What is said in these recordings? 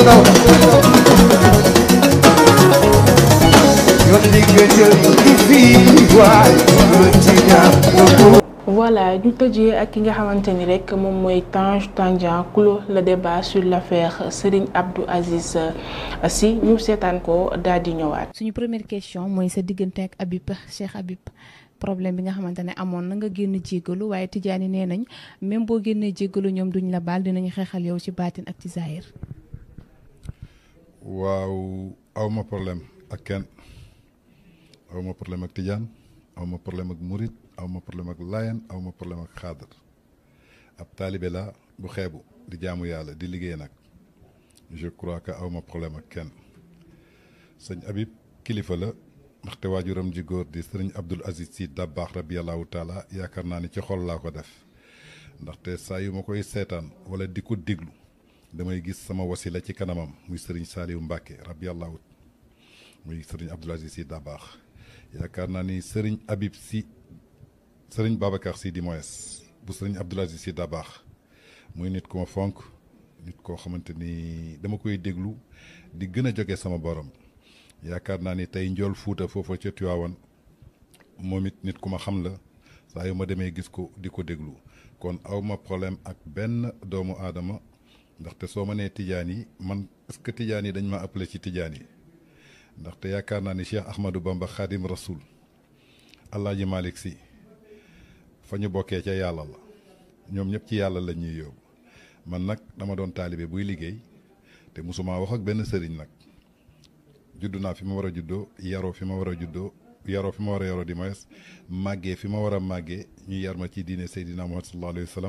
you voilà ñu tëjee ak ki nga xamante ni rek moom mooy Tange Tandian clos le débat sur l'affaire Serigne Abdou Aziz Sy ñu seetaan ko daal di ñëwaat. suñu première question mooy sa diggante ak Habib Cheikh Habib. problème bi nga xamante ne amoon na nga génn jéggalu waaye tijaani nee nañ même boo génnee jéggalu ñoom duñ la baal dinañu xeexal yow ci baatin ak ci zaahir waaw awma problème ak kenn awma problème ak tijaan awma problème ak murit awma problème ak layen awma problème ak xaadar ab taalibe la bu xeebu di jaamu yàlla di liggéey nag je crois que awma problème ak kenn sëñ Habib kilifa la ndaxte waajuram ji góor di sëriñ Abdul Aziz Si Dabaax rabiyallahu taala yaakaar naa ni ci xol laa ko def ndaxte saa yu ma koy seetaan wala di ko déglu damay gis sama wasila ci kanamam muy sëriñ Saliou Mbacke rabbi yàllaahu muy sëriñ Abdoul Aziz Sy Dabakh yaakaar naa ni sëriñ Habib Sy sëriñ Babacar Sy di Moyes bu sëriñ Abdoul Aziz Sy Dabakh muy nit ku ma fonk nit koo xamante ni dama koy déglu di gën a jóge sama borom yaakaar naa ni tey njool fuuta foofa ca Tiwaawan moom it nit ku ma xam la saa yu ma demee gis ko di ko déglu kon awma ma ak benn doomu aadama ndaxte soo ma nee tijaan yi man est que tijaan yi dañ ma appelé ci tijaan yi ndaxte yaakaar naa ni Cheikh Ahmadou Bamba Khadim Rasoul Alaaji Malick si fa ñu bokkee ca yàlla la ñoom ñëpp ci yàlla lañ ñuy yóbbu man nag dama doon taalibe buy liggéey te musuma wax ak benn sëriñ nag juddu naa fi ma war a juddoo yaroo fi ma war a juddoo yaroo fi ma war a yaroo di moyes màggee fi ma war a màggee ñu yar ma ci diine Seydina Muhammad sallallahu alayhi wa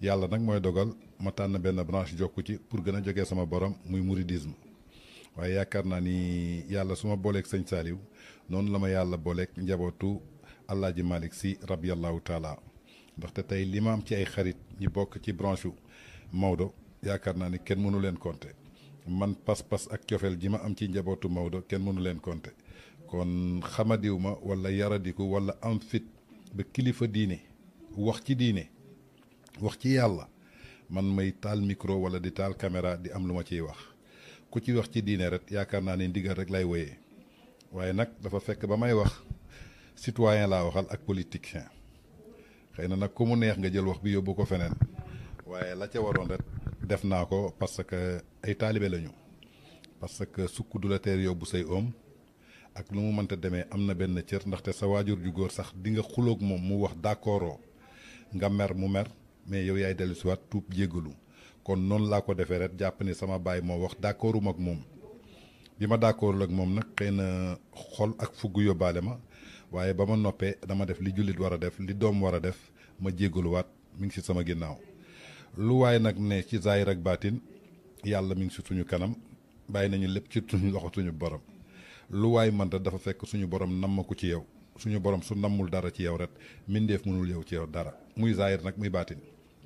yàlla nak moy dogal ma tan ben branche jokku ci pour gëna joggé sama borom muy mouridisme waye yaakaar naa ni yàlla suma bolé ak seigne saliw non la ma yàlla ak njabootu alhadji malik si allah taala ndax tey li ci ay xarit ñi bok ci branche mawdo Maodo ni kenn mënu len compter man pas pass ak cofeel ji ma am ci njabootu mawdo kenn mënu len compter kon xamadiwma wala yaradiku wala am fit ba kilifa diine wax ci diine. wax ci yàlla man may taal micro wala di taal caméra di am lu ma ciy wax ku ci wax ci diine rek yaakaar naa ne ndigal rek lay woyee waaye nag dafa fekk ba may wax citoyen laa waxal ak politicien xëy na nag ku mu neex nga jël wax bi yóbbu ko feneen waaye la ca waroon rek def naa ko parce que ay taalibe lañu parce que sukk du la teer yóbbu say oom ak lu mu mënta demee am na benn cër ndaxte sa waajur ju góor sax di nga xuloog moom mu wax d'accord nga mer mu mer mais yow yaay dellu siwaat tuub jéggalu kon noonu laa ko defee ret jàpp ne sama baay moo wax d'accordum ak moom bi ma d'accordul ak moom nag xëy na xol ak fugg yóbbaale ma waaye ba ma noppee dama def li jullit war a def li doom war a def ma jéggaluwaat mi ngi si sama ginnaaw lu waaye nag ne ci zaahir ak baatin yàlla mi ngi si suñu kanam bàyyi nañu lépp ci suñu loxo suñu borom lu waay mënta dafa fekk suñu borom namm ko ci yow suñu borom su nammul dara ci yow ret mindeef mënul yow ci yow dara muy zaahir nag muy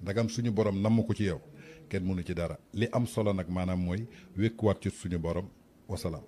ndagam suñu borom namm ko ci yow kenn mënu ci dara li am solo nag maanaam mooy wékkuwaat ci suñu borom wasalaam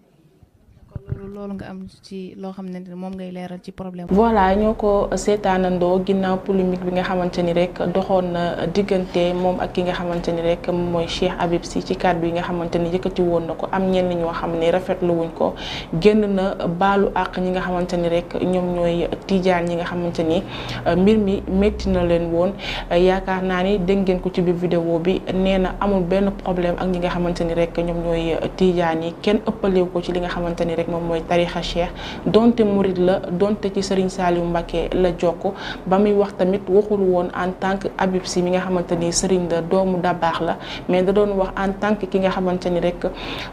loolu nga am ci loo xam ne moom ngay leeral ci problème voilà ñoo ko seetaanandoo ginnaaw polémique bi nga xamante ni rek doxoon na diggante moom ak ki nga xamante ni rek mooy Cheikh Habib Sy ci kàddu yi nga xamante ni yëkkati woon na ko am ñenn ñoo xam ne rafetlu wuñ ko génn na baalu àq ñi nga xamante ni rek ñoom ñooy tijaan ñi nga xamante ni euh, mbir mi métti na leen woon yaakaar naa ni dégg ngeen ko ci biir vidéo bi nee na amul benn problème ak ñi nga xamante ni rek ñoom ñooy tijaan yi kenn ëppalewu ko ci li nga xamante ni rek rek moom mooy tarixa cheikh donte murid la donte ci Serigne Saliou Mbacké la jokk ba muy wax tamit waxul woon en tant que Habib Sy mi nga xamante ni Serigne la doomu dabaax la mais da doon wax en tant ki nga xamante ni rek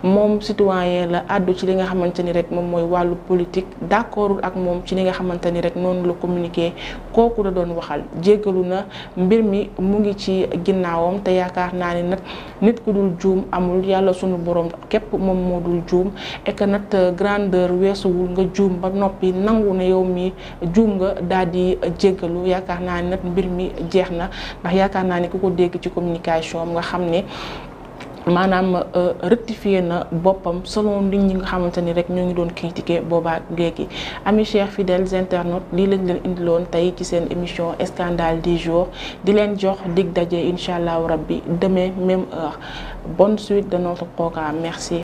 moom citoyen la àddu ci li nga xamante ni rek moom mooy wàllu politique d'accordul ak moom ci li nga xamante ni rek noonu la communiqué kooku la doon waxal jéggalu na mbir mi mu ngi ci ginnaawam te yaakaar naa ne nag nit ku dul juum amul yàlla sunu borom képp moom moo dul juum et que grandeur weesuwul nga djoum ba nopi nangou ne yow mi juum nga daldi di yakarna nat mbir mi jeex ndax yakarna ni kuko deg ci communication nga xamne manam euh, rectifier na bopam selon nit ñi nga xamanteni rek ñoo ngi doon critiquer boba ami chers fidèles internautes lii lañ leen lon tay ci seen émission scandale du jour di leen jox dig dajé inshallah demain même heure bonne suite de notre programme merci